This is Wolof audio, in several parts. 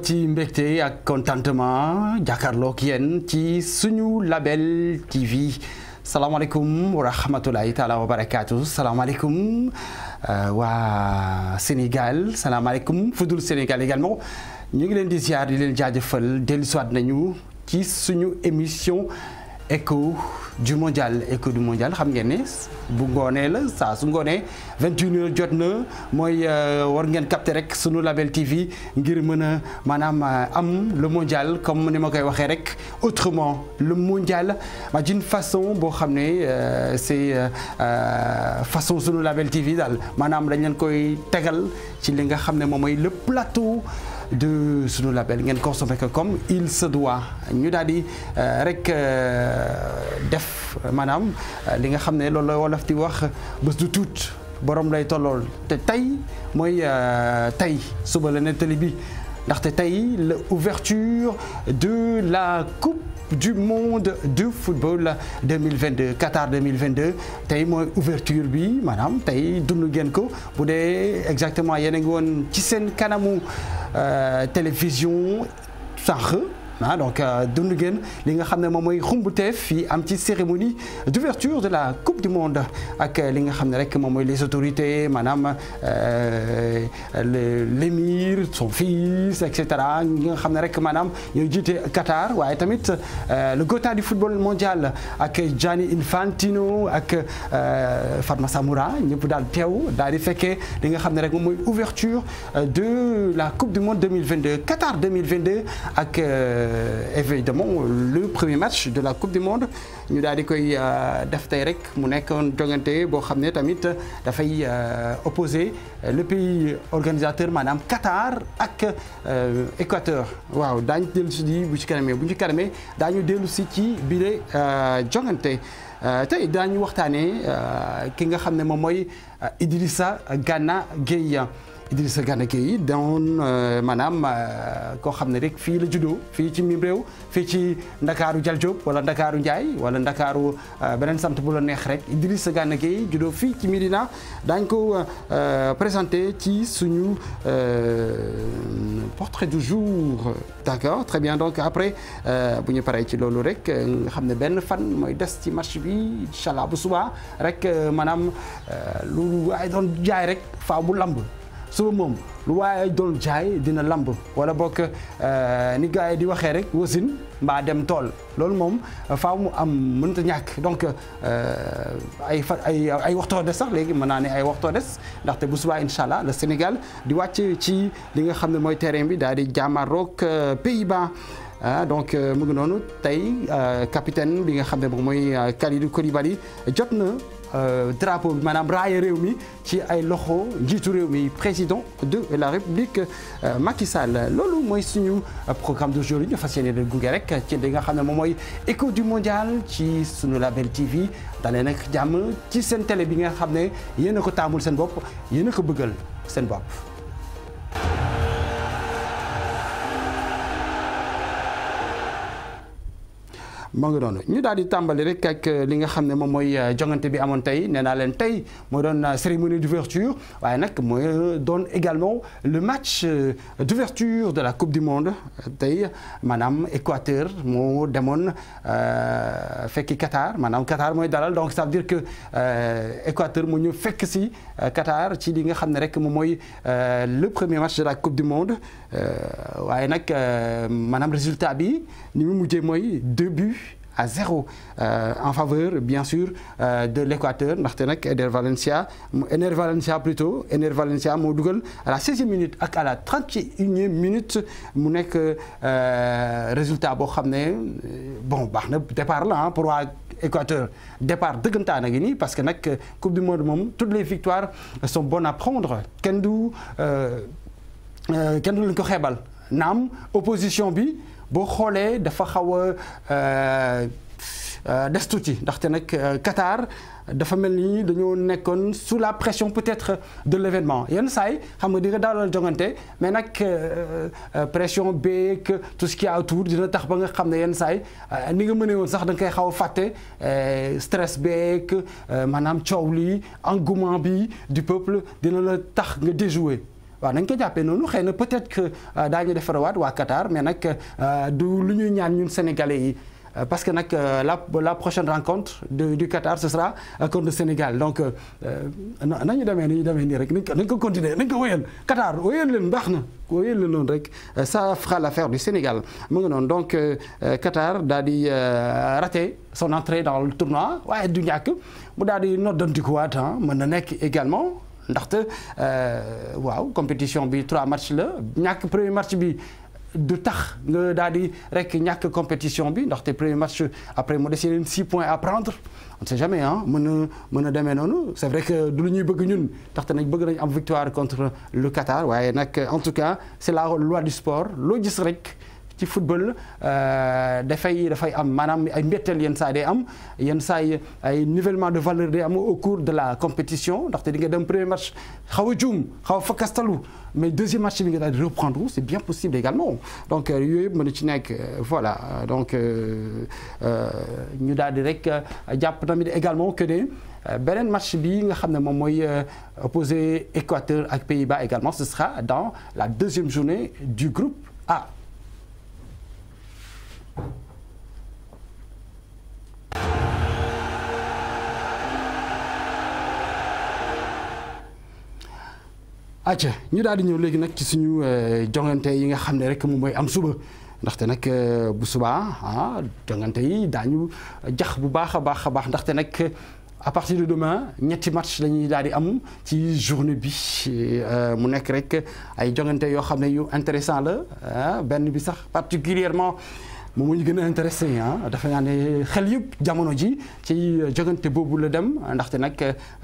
ci mbégte ak contentement jàkkaarloog yéen ci suñu label TV salaamaaleykum wa rahmatulahi taala wa barakaatu salaamaaleykum euh, waa Sénégal salaamaaleykum fudul Sénégal également ñu ngi leen di ziar di leen jaajëfal dellusiwaat nañu ci suñu émission. écho du mondial écho du mondial xam ngeen ne bu ngoonee la saa su ngoonee vingt h jot na mooy euh, war ngeen capter rek sunu Label TV ngir mën a maanaam euh, am le mondial comme ni ma koy waxee rek autrement le mondial ma d'une façon boo xam ne euh, c'est façon sunu Label TV daal maanaam dañ leen koy tegal ci li nga xam ne moom mooy le plateau. de suñu label ngeen consommer que comme il se doit ñu daal di euh, rek euh, def maanaam euh, li nga xam ne loolu la wolof di wax bés du tuut borom lay tollool te tey mooy tey suba la nettali bi te tey la ouverture de la coupe du monde du football 2022 Qatar 2022 tey mooy ouverture bi maanaam tey dund ngeen ko bu dee exactement yéen a ngi woon ci seen kanamu euh, télévision sànq. ah donc euh, dund li nga xam ne moom mooy fi yi am ci cérémonie d'ouverture de la coupe du monde euh, li nga xam ne rek moom mooy les autorités maanaam euh, l'émir son fils et cetera ñi nga xam ne rek maanaam ñooy jiite Qatar waaye tamit le Gotha du football mondial ak Gianni Infantino ak Fatma Samoura ñëpp daal teew daal di fekkee li nga xam ne rek moom mooy ouverture de la coupe du monde 2022 Qatar 2022 ak. Euh, évidemment le premier match de la coupe du monde ñu daal di koy euh, def tey rek mu nekkoon jongante boo xam ne tamit dafay euh, opposer le pays organisateur maanaam Qatar ak Équateur waaw daañ dellu si di bu ci kanamee bu ñu kanamee daañu dellu ci bile jongante tey daañu waxtaanee ki nga xam ne moom mooy Idrissa Gana Gueye Idrissa Gana Gueye yi doon euh, maanaam euh, koo xam ne rek fii la juddoo fii ci mim réew fii ci ndakaaru Dial Diop wala ndakaaru njaay wala ndakaaru euh, beneen sant bu la neex rek Idrissa Gana Gueye juddoo fii ci Médina daañ ko présenté ci suñu portrait du jour d'accord très bien donc après bu ñu paree ci loolu rek nga xam ne benn fan mooy des ci marché bi incha allah bu subaa rek maanaam lu ay doon jaay rek faaw bu lamb suba moom lu waaye doon jaay dina lamb wala bokk euh, ni gars yi di waxee rek wasin mbaa dem tool loolu moom euh, faaw mu am mënta ñàkk donc euh, ay fa ay ay waxtoo des sax léegi mën naa ne ay waxtoo des ndaxte bu subaa incha allah le Sénégal di wàcc ci li nga xam ne mooy terrain bi daal di jàmmaroog Pays-Bas ah donc mu ngi noonu tey capitaine bi nga xam ne moom mooy Kalidou Koulibaly jot na. Euh, drapeau bi maanaam raaya réew mi ci ay loxo njiitu réew mi président de la république euh, Macky loolu mooy suñu programme d'aujourd'hui ñu fas yéene leen gunge rek ci li nga xam ne moom mooy éco du mondial ci suñu Label TV dalee nag jàmm ci seen télé bi nga xam ne yéen a ko taamul seen bopp yéen a ko bëggal seen bopp moo ngi doon ñu daal di tàmbali rek ak euh, li nga xam ne moom mooy euh, jongante bi amoon tey nee naa leen tey moo doon euh, cérémonie d'ouverture waaye nag mooy doon également le match d'ouverture de la coupe du monde tey maanaam Équateur moo demoon fekki Qatar maanaam Qatar mooy dalal donc ça veut dire que Équateur mu ñu fekk si Qatar ci li nga xam ne rek moom mooy le premier match de la coupe du monde Euh, waaye nag euh, maanaam résultat bi ni mu mujjee mooy deux buts à zéro euh, en faveur bien sûr euh, de l'Équateur naxte nag Eder Valencia Ener Valencia plutôt Ener Valencia moo dugal à la 16e minute ak à la 31e minute mu nekk euh, résultat boo xam ne bon baax na départ la pour waa Équateur départ dëggantaan a ngi nii parce que nag Coupe du Monde moom toutes les victoires sont bonnes à prendre kenn du. Euh, kenn du leen ko xeebal naam opposition bi boo xoolee dafa xaw a euh, euh, des tuuti ndaxte nag Qatar dafa mel ni dañoo nekkoon sous la pression peut-être de l'événement yenn saay yi xam nga di nga daalal jongante mais nag pression beeg tout ce qui est autour dina tax ba nga xam ne yenn saa yi ni nga mënee woon sax da nga koy xaw a fàtte stress beeg maanaam coow li engouement bi du peuple dina la tax nga déjouer. waaw nañ ko jàppee noonu xëy na peut-être que euh, daañu waat waa Qatar mais nag euh, du lu ñuy ñaan ñun sénégalais yi. Euh, parce que nag la la prochaine rencontre du du Qatar ce sera contre le Sénégal donc nañu demee ni ñu demee nii rek nañ ko continuer nañ ko wéyal Qatar wéyal leen baax na wéyal leen noonu rek ça fera l'affaire du Sénégal mu ngi noonu donc Qatar daal di raté son entrée dans le tournoi waaye du ñàkk mu daal di noddantikuwaat ah. mën na nekk également ndaxte euh, waaw compétition bi trois matchs la ñàkk premier match bi du tax nga daal di rek ñàkk compétition bi ndaxte premier match après mu des yeneen six points à prendre on jamais ah mën na mën a demee noonu c'est vrai que du lu ñuy bëgg ñun ndaxte nag bëgg nañ am victoire contre le Qatar waaye nag en tout cas c'est la loi du sport loo gis rek ci football euh, dafay dafay am maanaam ay mbetteel yenn saa day am yenn saa yi ay nivellement de valeur day am au cours de la compétition ndaxte dinga nga dem premier match xaw a juum xaw a fakkastalu mais deuxième match bi nga daal di reprendre c'est bien possible également donc euh, yooyu yëpp mën na ci nekk euh, voilà donc ñu daal di rek jàpp tamit également que beneen match bi nga xam ne moom mooy opposé Équateur ak Pays-Bas également ce sera dans la deuxième journée du groupe A acca ñu daal di ñëw léegi nag ci suñu euh, jongante yi nga xam ne rek moom mooy am suba ndaxte nag euh, bu subaa ah jongante yi daañu jax bu baax a baax a baax ndaxte nag à partir de demain ñetti match lañuy daal di am ci journée bi euh, mu nekk rek ay jongante yoo xam ne yu intéressant la ah, benn bi sax particulièrement moom moo ñu gën a intéressé ah. dafa naa ne xel yëpp jamono ji ci jogante boobu la dem ndaxte nag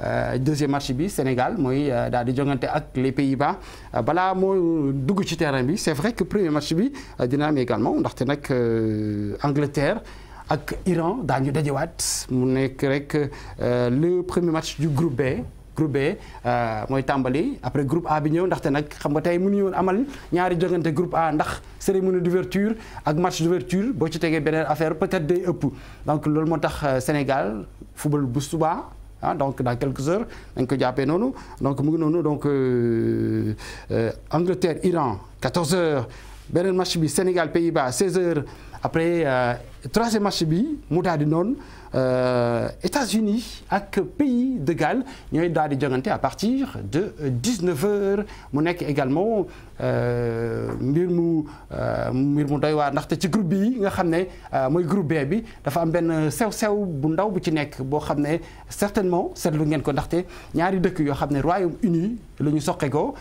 euh, deuxième match bi Sénégal mooy euh, daal di jogante ak les Pays-Bas balaa moo dugg ci terrain bi c'est vrai que premier match bi euh, dina am également ndaxte nag Angleterre ak Iran daañu dajewaat mu nekk rek le premier match du groupe B. groupe B euh, mooy tàmbali après groupe A bi ñëw ndaxte nag xam nga tey mënuñu woon amal ñaari jogante groupe A ndax cérémonie d'ouverture ak match d'ouverture boo ci tegee beneen affaire peut-être day ëpp donc loolu moo tax euh, Sénégal football bu suba ah donc dans quelques heures dañ ko jàppee noonu donc mu ngi noonu donc euh, Angleterre Iran 14 heures beneen marché bi Sénégal Pays-Bas 16 heures après troisième match bi mu daal di noonu. Euh, États-Unis ak pays de Galles ñooy daal di jongante à partir de 19h mu nekk également euh, mbir mu euh, mbir mu doy waar ndaxte ci groupe bi nga xam ne mooy groupe B bi dafa am benn sew-sew bu ndaw bu ci nekk boo xam ne certainement seetlu ngeen ko ndaxte ñaari dëkk yoo xam ne Royaume-Uni la ñu soqe ko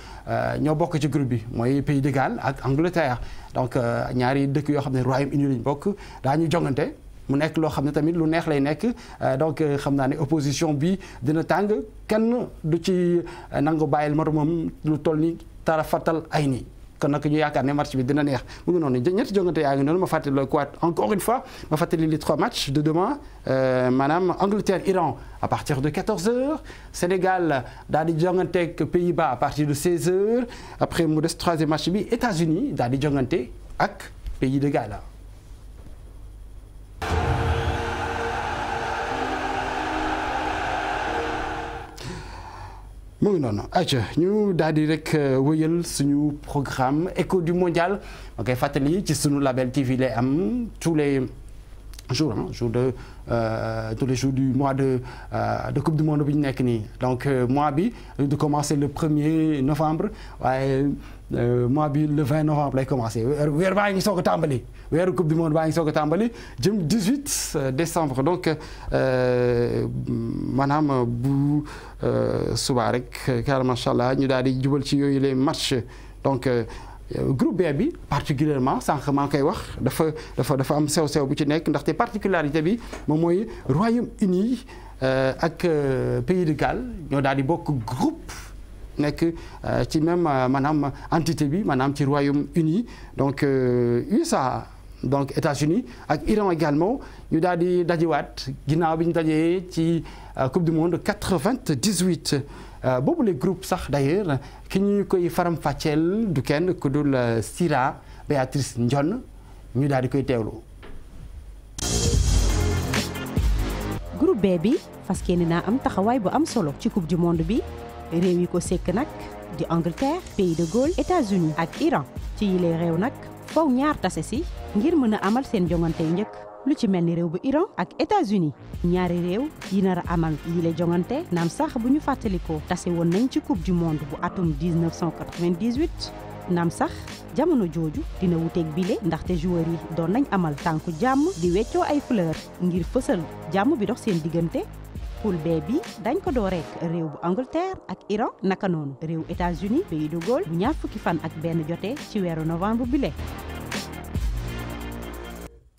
ñoo bokk ci groupe bi mooy pays de Galles ak Angleterre donc ñaari dëkk yoo xam ne Royaume-Uni la ñu bokk daañu jongante. mu nekk loo xam ne tamit lu neex lay nekk euh, donc euh, xam naa ne opposition bi dina tàng kenn du ci euh, nangu bàyyil moromam lu toll nii tara fattal ay nii kon nag ñu yaakaar ne match bi dina neex mu ngi noonu ñetti jongante yaa ngi noonu ma fàttali looy quoi encore une fois fàttali les trois matchs de demain maanaam Angleterre Iran à de 14h Sénégal daal di jonganteeg Pays-Bas à partir de 16h après mu des troisième match bi États-Unis daal di jongante ak pays de Galles. mu ngi noonu ayca ñu daal di rek euh, wëyal suñu programme écho du mondial ma koy fàttali ci suñu label TV lay am tous les jours de euh, tous les jours du mois de euh, de coupe du monde bi ñu nekk nii donc mois bi du commencer le premier novembre Euh, mois bi le 20 novembre lay commencé weer baa ngi soog a tàmbali weeru coupe du monde baa ngi soog a tàmbali jëm 18 euh, décembre donc euh, maanaam bu subaa rek car macha allah ñu daal di jubal ci yooyu les matchs donc. groupe B bi particulièrement sànq maa ngi koy wax dafa dafa dafa am sew sew bu ci nekk ndaxte particularité bi moom mooy Royaume-Uni ak Pays de Galles ñoo daal di bokk groupe. nekk euh, ci même euh, maanaam entité bi maanaam ci Royaume-Uni donc USA euh, donc États-Unis ak Iran également ñu daal di dajewaat ginnaaw bi ñu dajee ci coupe du monde quatre-vingt-dix-huit boobu les groupes sax d'ailleurs ki ñu koy faram-fàcceel du kenn ku dul Sira Béatrice Ndione ñu daal di koy teewlu. groupe B bi fas ni naa am taxawaay bu am solo ci coupe du monde bi. réew yi ko sekk nag di Angleterre pays de Galles États-Unis ak Iran ci yile réew nag faw ñaar tase si ngir mën a amal seen jongante yu njëkk lu ci mel ni réew bu Iran ak États-Unis ñaari réew yi nar a amal yile jongante naam sax bu ñu fàttalikoo tase woon nañ ci coupe du monde bu atum 1998 naam sax jamono jooju dina wuteeg bile ndaxte joueur yi doon nañ amal tànku jàmm di weccoo ay fleur ngir fësal jàmm bi dox seen diggante poule B bi dañ ko door rek réew bu Angleterre ak Iran naka noonu réew États-Unis pays de Galles bu ñaar fukki fan ak benn jotee ci weeru novembre bile.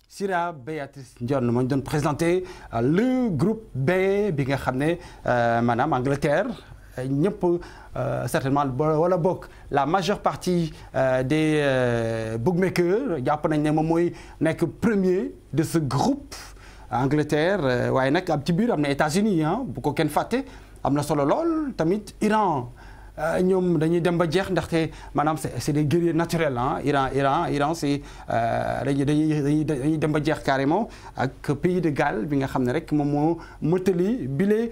Sira Béatrice Ndione moo doon présenté euh, le groupe B bi nga xam ne euh, maanaam Angleterre ñëpp euh, certainement wala bokk la majeure partie de bookmakers jàpp nañ ne moom mooy nekk premier de ce groupe. Angleterre eh, waaye nag am ci biir am na États-Unis ah, bu ko kenn fàtte am na solo lool tamit Iran eh, ñoom dañuy dem ba jeex ndaxte maanaam c'est des guerriers naturels ah Iran Iran Iran c'est eh, dañuy dañuy dañuy dem ba jeex carrément ak pays de Galles bi nga xam ne rek moom moo mëtali bile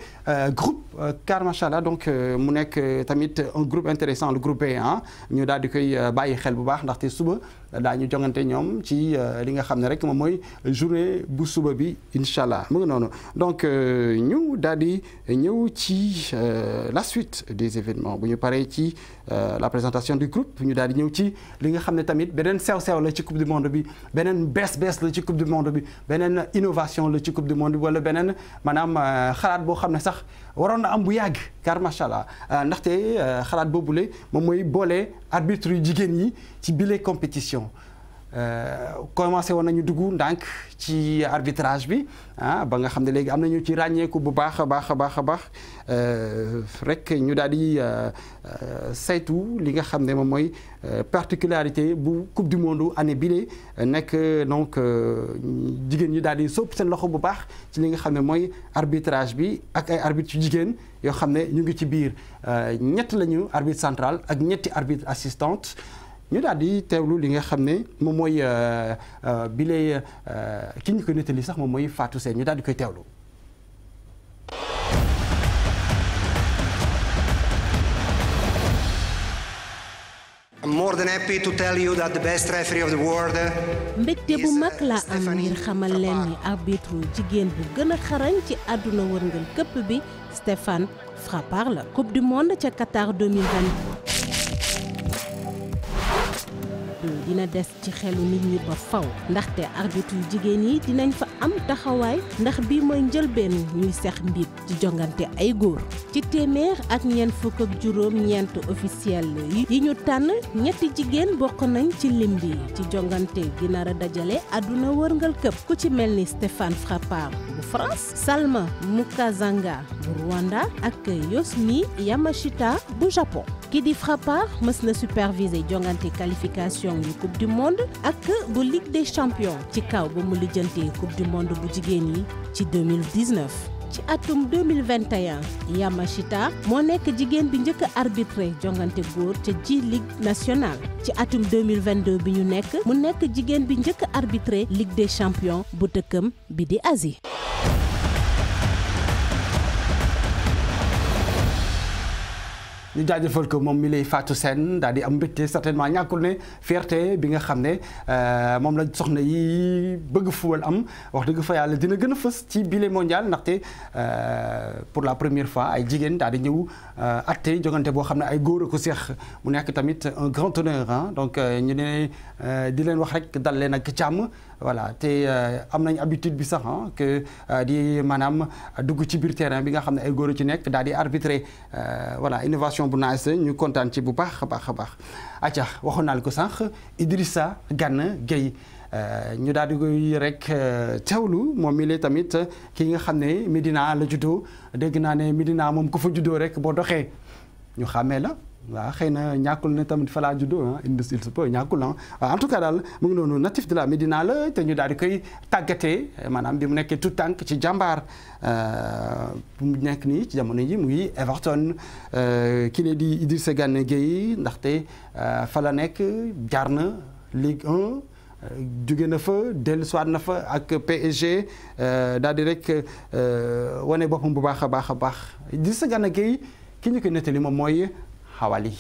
groupe car machallah donc mu nekk tamit un groupe intéressant le groupe ah ñu daal di koy bàyyi xel bu baax ndaxte suba. daañu jongante ñoom ci euh, li nga xam ne rek moom mooy journée bu suba bi incha allah mu ngi noonu donc euh, ñu daal di ñëw ci euh, la suite des événements bu ñu paree ci la présentation du groupe ñu daal di ñëw ci li nga xam ne tamit beneen sew-sew la ci coupe du monde bi beneen bees-bees la ci coupe du monde bi beneen innovation la ci coupe du monde bi wala beneen maanaam xalaat boo xam ne sax waroon na am bu yàgg car macha allah euh, ndaxte euh, xalaat boobule moom mooy boole arbitre yu jigéen ñi ci bile compétition. Euh, commencé woon nañu dugg ndànk ci arbitrage bi ah ba nga xam ne léegi am nañu ci ràññeeku bu baax a baax a baax a baax euh, rek ñu daal di euh, saytu li nga xam ne moom mooy particularité bu coupe du monde année bile nekk donc jigéen ñu daal di sóob seen loxo bu baax ci li nga xam ne mooy arbitrage bi ak ay arbitres yu jigéen yoo xam ne ñu ngi ci biir ñett lañu arbitre centrale ak ñetti arbitre assistante ñu daal di li nga xam ne moom mooy euh, euh, bile euh, ki ñu sax moom mooy Fatou Seye ñu daal di koy teewlu. mbégte bu uh, mag laa am ngir xamal leen ni arbitre jigéen bu gën xarañ ci àdduna wërngal këpp bi Stéphane Frappard la coupe du monde ca Qatar 2022 dina des ci xelu nit ñi ba faw ndaxte arbitre jigéen yi dinañ fa am taxawaay ndax bii mooy njëlbeen ñuy sex mbiit ci jongante ay góor ci téeméer ak ñeent fukk ak juróom ñeent officiel yi ñu tànn ñetti jigéen bokk nañ ci lim bi ci jongante gi nar a dajale àdduna wërngal këpp ku ci mel ni Stéphane Frappart bu France Salma Mukazanga bu Rwanda ak Yosmi Yamashita bu Japon kii di Frappa mës na superviser jongante qualification yu coupe du monde ak bu ligue des champions ci kaw ba mu lijjantee coupe du monde bu jigéen yi ci 2019. ci atum 2021 Yamashita moo nekk jigéen bi njëkk a arbitré jongante góor ca ji ligue nationale ci atum 2022 bi ñu nekk mu nekk jigéen bi njëkk a arbitré ligue des champion bu tëkkam bi di asi ñu jaajëfal ko moom mi lay Fatou seen daal di am mbégte certainement ñàkkul ne fierté bi nga xam ne euh, moom la soxna yi bëgg fuwal am wax dëgg fa yàlla dina gën a fës ci bile mondial ndaxte euh, pour la première fois ay jigéen daal di ñëw euh, atte jogante boo xam ne ay góor a ko seex mu nekk tamit un grand honneur donc ñu ne di leen wax rek dal leen ak càmm voilà te euh, am nañ abitude bi sax ah di maanaam euh, dugg ci biir terrain bi nga xam ne ay góor ci nekk daal di arbitrer voilà innovation bu naaj ñu kontaan ci bu baax baax a baax. acca waxoon naa la ko sànq Idrissa Gana Gueye ñu daal di koy rek teewlu moom mi la tamit ki nga xam ne Medina la juddoo dégg naa ne Medina moom ko fa juddoo rek boo doxee ñu xàmmee la. waaw xëy na ñàkkul ne tamit falaa laa juddoo ah il se peut ñàkkul ah en tout cas daal mu ngi noonu natif de la Médina la te ñu daal di koy tàggatee maanaam bi mu nekkee tout tànk ci jàmbaar euh, bu mu nekk nii ci jamono mu muy Everton euh, ki ne di Idrissa Gana Gueye ndaxte euh, fa la nekk jaar na Ligue na fa dellusiwaat na fa ak PSG daal di rek wane boppam bu baax a baax a baax Idrissa Gana Gueye ki ñu koy nettali moom mooy xawali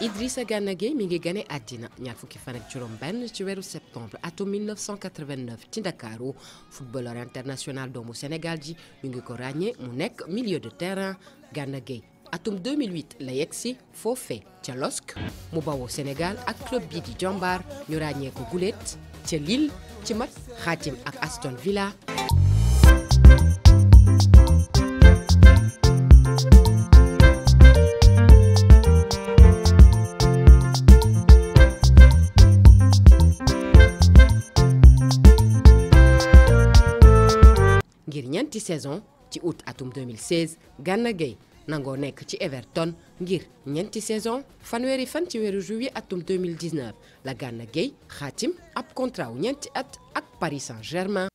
Idrissa Gana Gueye mi ngi gane àddina ñaar fukki fan ak benn ci weeru septembre atum 1989 ci Ndakaaru footballeur international doomu senegal ji ñu ngi ko ràññee mu nekk milieu de terrain Gana Gueye atum 2008 la yegsi foofe ca LOSC mu bawoo senegal ak club bii di jombar ñu ràññee ko Goulet ca Lille ci mat Xaatim ak Aston Villa saison ci août atum 2016 Gana Gueye nangoo nekk ci Everton ngir ñeenti saison fanweeri fan ci weeru juillet atum 2019 la Gana Gueye xaatim ab contrat wu ñeenti at ak Paris Saint-Germain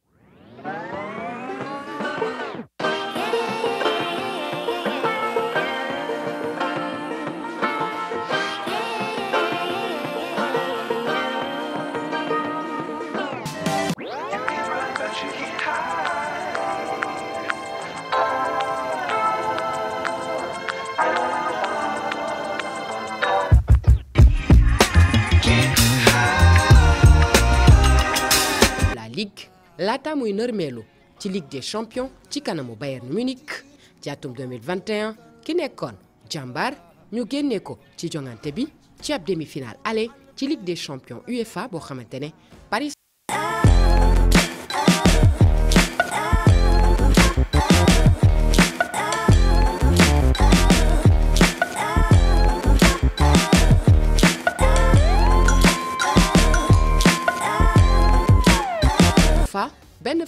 League laata muy nërmeelu ci Ligue de champions ci kanamu Bayern Munich ci atum 2021 ki nekkoon jàmbaar ñu génnee ko ci jongante bi ci ab demi-finale aller ci Ligue des champions UEFA boo xamante ne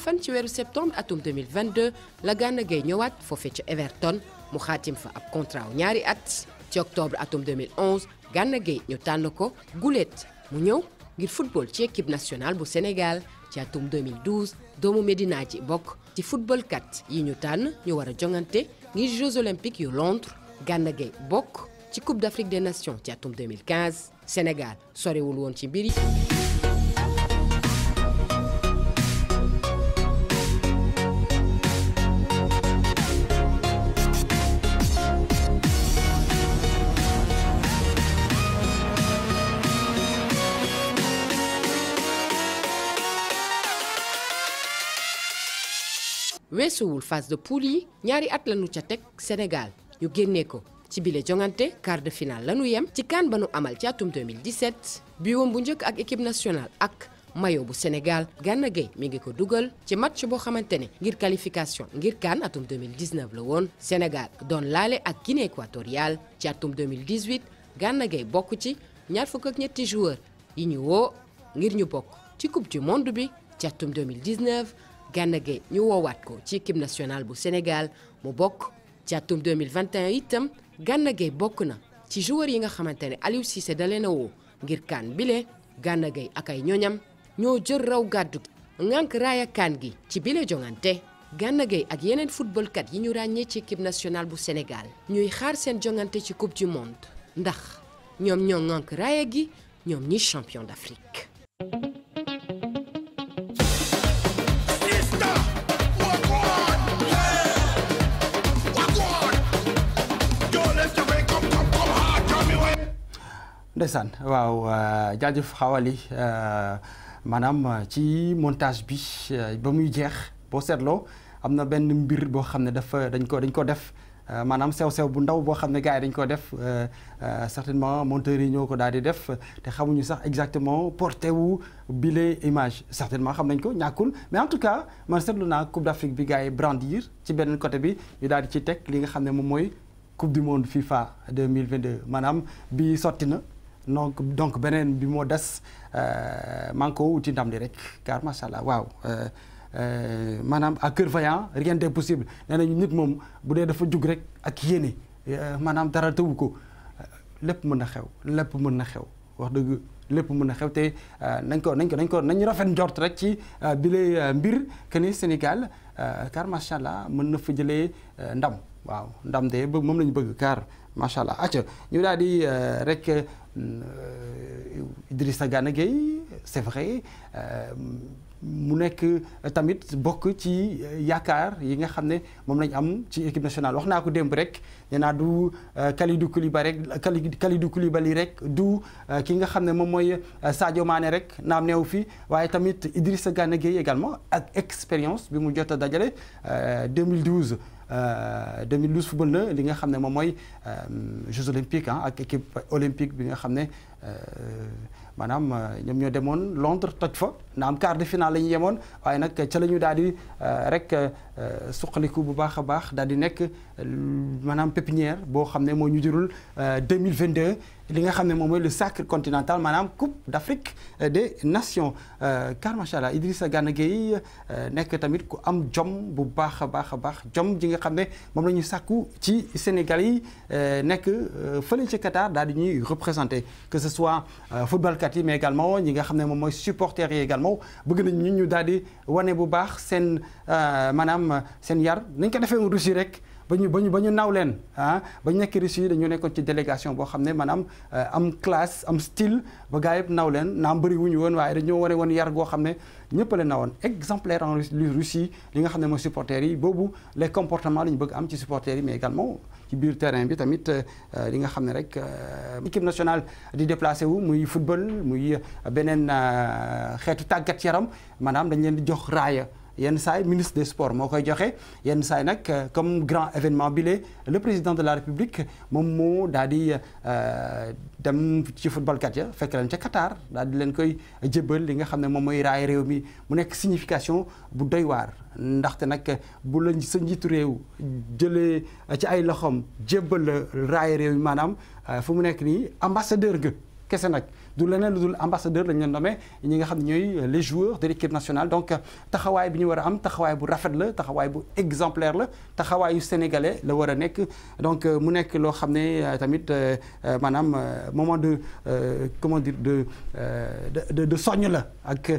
fan ci weeru septembre atum 2022 la Gana Gueye ñëwaat foofe ci Everton mu xaatim fa ab contrat ñaari at ci octobre atum 2011 Gana Gueye ñu tànn ko guléet mu ñëw ngir football ci équipe nationale bu Sénégal ci atum 2012 doomu Medina ji bokk ci football kat yi ñu tànn ñu war a jongante ngir Jeux olympiques yu Londres Gana Gueye bokk ci Coupe d'Afrique des Nations ci atum 2015 Sénégal sorewul woon ci mbir weesuwul phase de poule yi ñaari at lañu ca teg Sénégal ñu génnee ko ci bile jongante quart de finale lañu yem ci kan ba nu amal ci atum 2017 bi woon bu njëkk ak équipe nationale ak mayo bu Sénégal Gana Gueye mi ngi ko dugal ci match boo xamante ne ngir qualification ngir kan atum 2019 la woon Sénégal doon laale ak Guinée équatoriale ci atum 2018 Gana Gueye bokk ci ñaar fukk ak ñetti joueur yi ñu woo ngir ñu bokk ci coupe du monde bi ci atum 2019 Gana Gueye ñu woowaat ko ci équipe national bu Sénégal mu bokk ci atum 2021 itam Gana Gueye bokk na ci joueur yi nga xamante ne Aliou Cissé da leen ngir kaan bile Gana Gueye ak ay ñoñam ñoo jël raw gàddu ngànk raaya kaan gi ci bile jongante Gana Gueye ak yeneen footballkat yi ñu ràññee ci équipe national bu Sénégal ñuy xaar seen jongante ci coupe du monde ndax ñoom ñoo ngànk raaya gi ñoom ñi champion d'Afrique ndeysaan waaw euh, jaajëf xawali euh, maanaam euh, ci montage bi ba muy jeex boo seetloo am na benn mbir boo xam ne dafa dañ ko dañ ko def maanaam sew-sew bu ndaw boo xam ne gars yi dañ ko def certainement monteurs yi ñoo ko daal di def te xamuñu sax exactement porté wu bile image certainement xam nañ ko ñàkkul mais en tout cas man seetlu naa Coupe d'Afrique bi gars yi brandir ci benn côté bi ñu daal di ci teg li nga xam ne moom mooy Coupe du monde FIFA 2022 maanaam bi sotti na donc donc beneen bi moo des euh, maa ngi ko wuti ndam di rek car macha allah waaw euh, euh, maanaam à cœur vaillant rien n'est possible nee nañu nit moom bu dee dafa jug rek ak yéene maanaam dara tëwu ko lépp mën na xew lépp mën na xew wax dëgg lépp mën na xew te nañ ko nañ ko nañ ko nañ rafet njort rek ci bile mbir que ni Sénégal. Euh, car macha allah mën na fa jëlee euh, ndam waaw ndam de ba moom la bëgg car macha allah acca ñu daal di euh, rek Idrissa Gana Gueye c'est mu nekk euh, tamit bokk ci euh, yaakaar yi nga xam ne moom lañ am ci équipe nationale wax naa ko démb rek nee naa du euh, Kalidou Koulibaly rek Kalidou Koulibaly rek du ki nga xam ne moom mooy Sadio Mané rek naam neew fi waaye tamit Idrissa Gana Gueye également ak expérience bi mu jot a dajale 2012 2012 football na li nga xam ne moom mooy Jeux olympiques ah ak équipe olympique bi nga xam ne maanaam euh, ñoom ñoo demoon Londres toj fa na am quart de finale la ñu yemoon waaye nag ca la ñu daal di euh, rek euh, suqaliku bu baax a baax daal di nekk maanaam pépinière boo xam ne moo ñu jurul mille 2022 li nga xam ne moom mooy le sacre continental maanaam coupe d'Afrique euh, de nations euh, car macha allah Idrissa Gana Gueye euh, nekk tamit ku am jom bu baax a baax a baax jom ji nga xam ne moom la ñu sàkku ci Sénégal yi nekk fële ci Qatar daal di ñuy représenté que ce soit footballkat yi mais également ñi nga xam ne moom mooy supporters yi également bëgg nañu ñun ñu daal di wane bu baax seen maanaam seen yar nañ ko defee Russie rek. ba ñu ba ñu ba ñu naw leen ah ba ñu nekk Russie dañu nekkoon ci délégation boo xam ne maanaam eh, am classe am style ba gaa yëpp naw leen naam bëri wuñu woon waaye dañoo wane woon yar goo xam ne ñëpp la nawoon exemplaire en Russie li nga xam ne mooy supporters yi boobu les comportements la ñu bëgg am ci supporters yi mais également ci biir terrain bi tamit eh, li nga xam ne rek eh, équipe nationale di déplacé wu muy football muy beneen xeetu tàggat yaram maanaam dañ leen di jox raaya yenn saay ministre des sport moo koy joxe yenn saay nag euh, comme grand événement bi lee le président de la république moom moo daal di euh, dem ci footballkat ya fekk leen ca Qatar daal di leen koy jébbal li nga xam ne moom mooy raay réew mi mu nekk signification bu doy ndaxte nag bu la sa njiitu réew jëlee euh, ci ay loxoom jébbal raay réew mi maanaam fu mu nekk nii ambassadeur ga kese nag du leneen lu dul ambassadeur lañ leen nommé ñi nga xam ne ñooy les joueurs de l'équipe nationale donc taxawaay bi ñu war a am taxawaay bu rafet la taxawaay bu exemplaire la taxawaayu sénégalais la war a nekk donc euh, mu nekk loo xam ne euh, tamit euh, maanaam moment de comment dire de de de la ak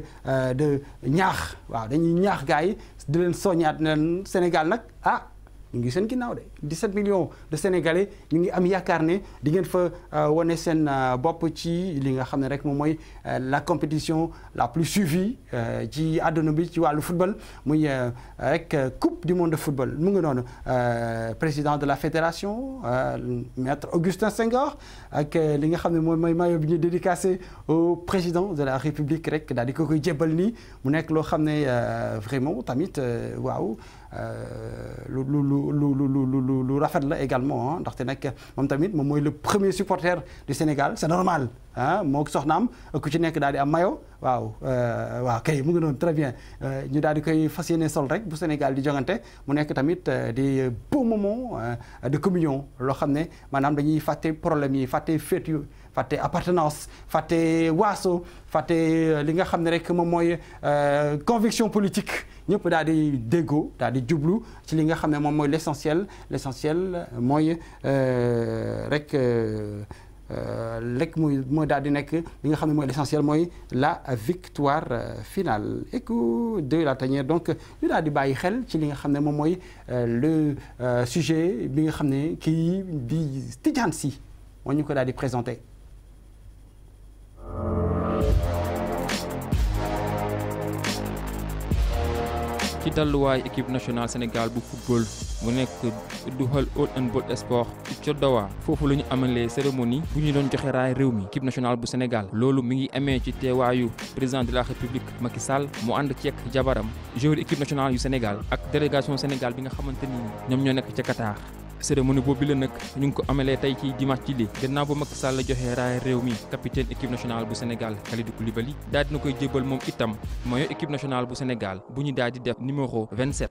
de ñaax waaw dañuy ñaax gars yi di leen soññaat ne leen Sénégal nag ah ñu ngi seen ginnaaw de 17 millions de sénégalais ñu ngi am yaakaar ne di ngeen fa euh, wane seen euh, bopp ci li nga xam ne rek moom mooy euh, la compétition la plus suivie ci àdduna bi ci wàllu football muy rek coupe du monde de football mu ngi noonu président de la fédération maître Augustin Senghor ak li nga xam ne moom mooy maillot bi ñu dédicacé au président de la république rek daal di ko koy jébbal nii mu nekk loo xam ne vraiment tamit waaw lu lu lu lu lu lu rafet la également ndaxte nag moom tamit moom mooy le premier supporter du Sénégal c'est normal ah mook soxnaam ku ci nekk daal di am maillot waaw euh, waaw kay mu ngi doon très bien euh, ñu daal di koy fas yéene sol rek bu Sénégal di jongante mu nekk tamit euh, di beaux moments de communion loo xam ne maanaam dañuy fàtte problème yi fàtte fête yu fàtte appartenance fàtte waaso fàtte li nga xam ne rek moom mooy conviction politique ñëpp daal di déggoo daal di jublu ci li nga xam ne moom mooy l'essentiel l'essentiel mooy rek Euh, lekk muy mooy daal di nekk li nga xam ne mooy l'essentiel mooy la victoire euh, finale écho de la tanière donc ñu daal di bàyyi xel ci li nga xam ne moom mooy euh, le sujet bi nga xam ne kii bi Tidiane Sy moo ñu ko daal di présenté ci dalluwaay équipe nationale Sénégal bu football mu nekk Duhal All and Bold Sport ca Dowa foofu la ñu amalee cérémonie bu ñu doon joxe raay réew mi équipe nationale bu Sénégal loolu mi ngi amee ci teewaayu président de la république Macky mu ànd ceeg jabaram joueur équipe nationale yu Sénégal ak délégation Sénégal bi nga xamante ni ñoom ñoo nekk ca Qatar. cérémonie boobu la nag ñu ngi ko amalee tey ci dimanche ci li gannaaw ba Macky Sall joxee raay réew mi capitaine équipe nationale bu Sénégal Kalidou Koulibaly daal dina koy jébbal moom itam maillot équipe nationale bu Sénégal bu ñu daal di def numéro 27.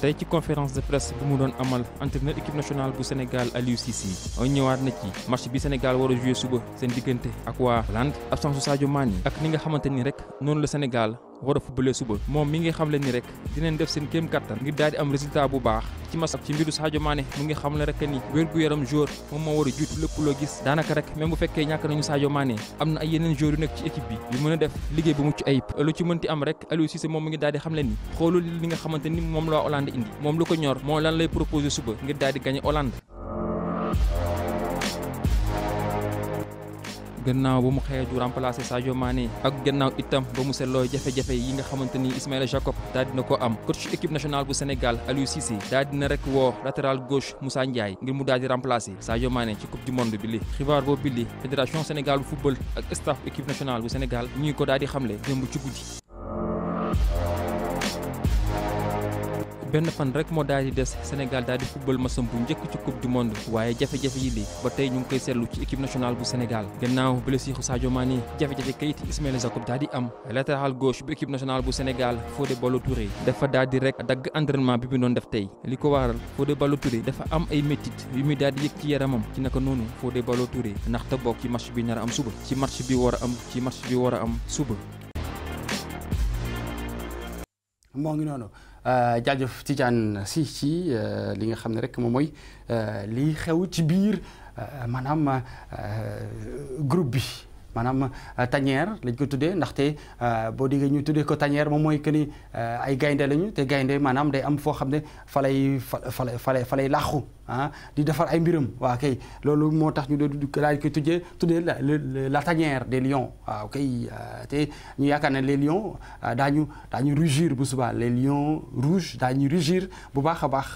tey ci conférence de presse bu mu doon amal entraîneur équipe nationale bu Sénégal Aliou Cissé ñëwaat na ci match bi Sénégal war a suba seen diggante ak waa Hollande absence su Sadio Mané ak ni nga xamante ni rek noonu la Sénégal. war a footballé suba moom mi ngi xamle ni rek dinañ def seen kéem kattan ngir daal di am résultat bu baax ci mas ci mbiru Sadio mu ngi xamle rek ni wér-gu-yaram joueur moom moo war a jiitu lépp loo gis daanaka rek même bu fekkee ñàkk nañu Sadio Mané am na ay yeneen joueurs yu nekk ci équipe bi yu mën a def liggéey bu mucc ayib lu ci mënti am rek Aliou Cissé moom mi ngi daal di xamle ni xoolul li nga xamante ni moom la Hollande indi moom lu ko ñor moo lan lay proposé suba ngir daal di gagné Hollande gannaaw ba mu xeeju remplacé Sadio Mané ak gannaaw itam ba mu seetloo jafe-jafe yi nga xamante ni Ismaïla Jacob daal dina ko am coach équipe nationale bu senegal Aliou Cissé daal dina rek woo latéral gauche Moussa Ndiaye ngir mu daal di remplacé Sadio Mané ci coupe du monde bi li xibaar boobu bi li fédération Sénégal bu football ak staff équipe nationale bu Sénégal ñu ko daal di xamle démb ci guddi benn fan rek moo daal di des Sénégal daal di football masam bu njëkk ci coupe du monde waaye jafe-jafe yi ba tey ñu ngi koy seetlu ci équipe nationale bu Sénégal gannaaw blessure Sadio Mané jafe-jafe kayit Ismaïla Jakobs daal di am latéral gauche bu équipe nationale bu Sénégal Fodé Ballo-Touré dafa daal di rek dagg entraînement bi mu doon def tey li ko waral Fodé Ballo-Touré dafa am ay métit yu muy daal di yëg ci yaramam ci naka noonu Fodé Ballo-Touré ndaxte bokk ci match bi nar a am suba ci match bi war am ci match bi war a am suba. moo ngi Euh, jaajëf Tidiane si ci euh, li nga xam ne rek moom mooy euh, li xew ci biir maanaam groupe bi maanaam tanière lañ ko tuddee ndaxte boo déggee ñu tuddee ko tanière moom mooy que ni ay gaynde lañu te gaynde maanaam day am foo xam ne fa lay fa fa lay fa lay làqu ah di defar ay mbiram waaw kay loolu moo tax ñu doon daal di koy tuddee tuddee la tanière des lions waaw kay ah, te ñu yaakaar ne les lions ah, daañu daañu rugir bu subaa les lions rouges ñu rugir bu baax a baax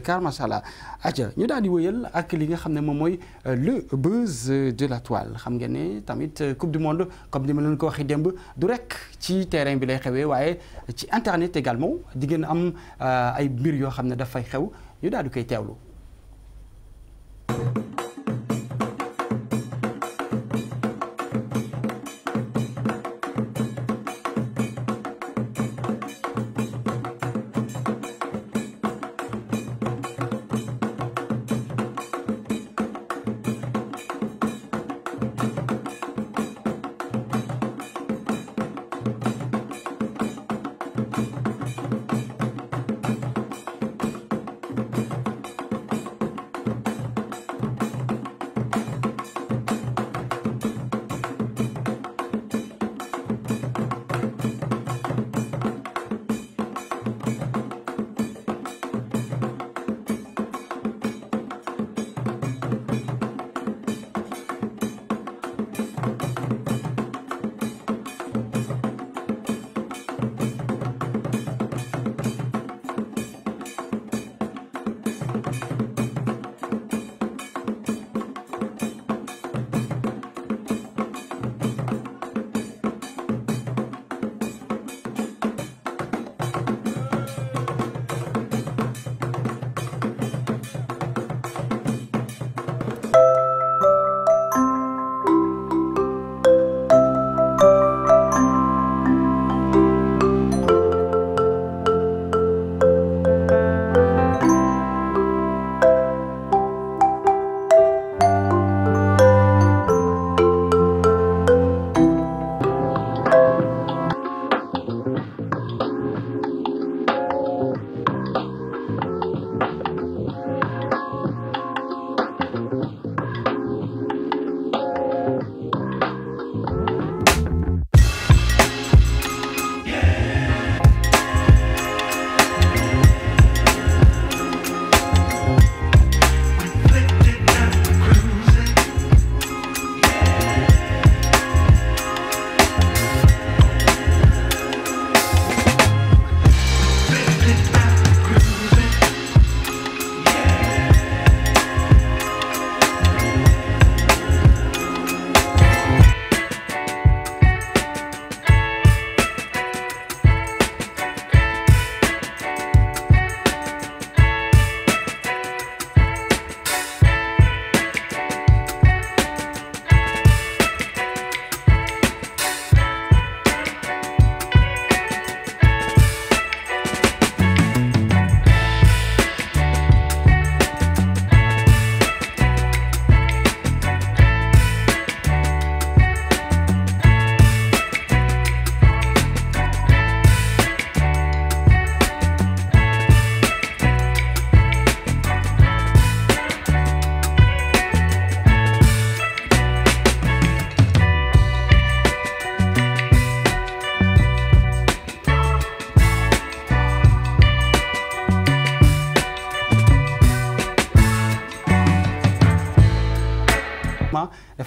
car macha allah aja ñu daal di wëyal ak li nga xam ne moom mooy euh, le buzz de la toile xam ngeen ne tamit euh, coupe du monde comme ni ma leen ko waxee démb du rek ci terrain bi lay xewee waaye ci internet également di ngeen am euh, ay mbir yoo xam ne dafay xew ñu daal di koy teewlu.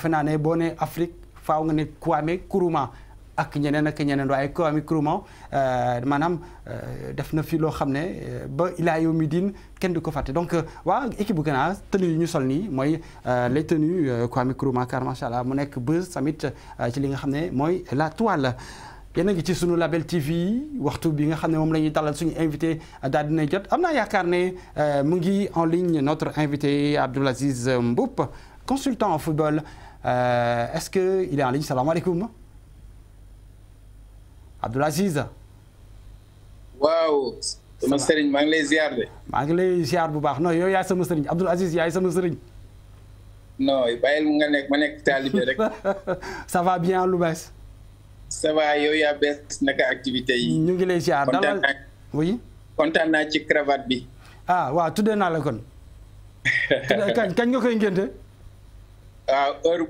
defe naa ne boo ne Afrique faaw nga ne Kwame Nkrumah ak ñeneen ak ñeneen waaye Kwame Nkrumah euh, maanaam euh, def na fi loo xam ne euh, ba ilaa yawmi diin kenn du ko fàtte donc waa équipe bu Ghana tenue yi ñu sol nii mooy les tenues Kwame Nkrumah car macha allah mu nekk buzz tamit ci li nga xam ne mooy la toile. yéen a ngi ci sunu Label TV waxtu bi nga xam ne moom la ñuy dalal suñu invité daal dina jot am naa yaakaar ne mu ngi en ligne notre invité Abdoul Aziz Mboup consultant en football. Euh, Est-ce qu'il est en ligne Salam alaikum. Abdoul Aziz. waaw. sama sëriñ maa ngi lay ziar de. maa ngi lay ziar bu baax non yow yaay sama sëriñ Abdoul Aziz yaay sama sëriñ. non bàyyil mu nga nekk ma nekk taalibe rek. ça va bien lu bees. ça va yow yaa bees naka activité yi. ñu ngi lay ziar dalal oui. kontaan naa ci cravate bi. ah waaw tuddee naa la kon. kañ kañ nga koy ngénte. waaw heure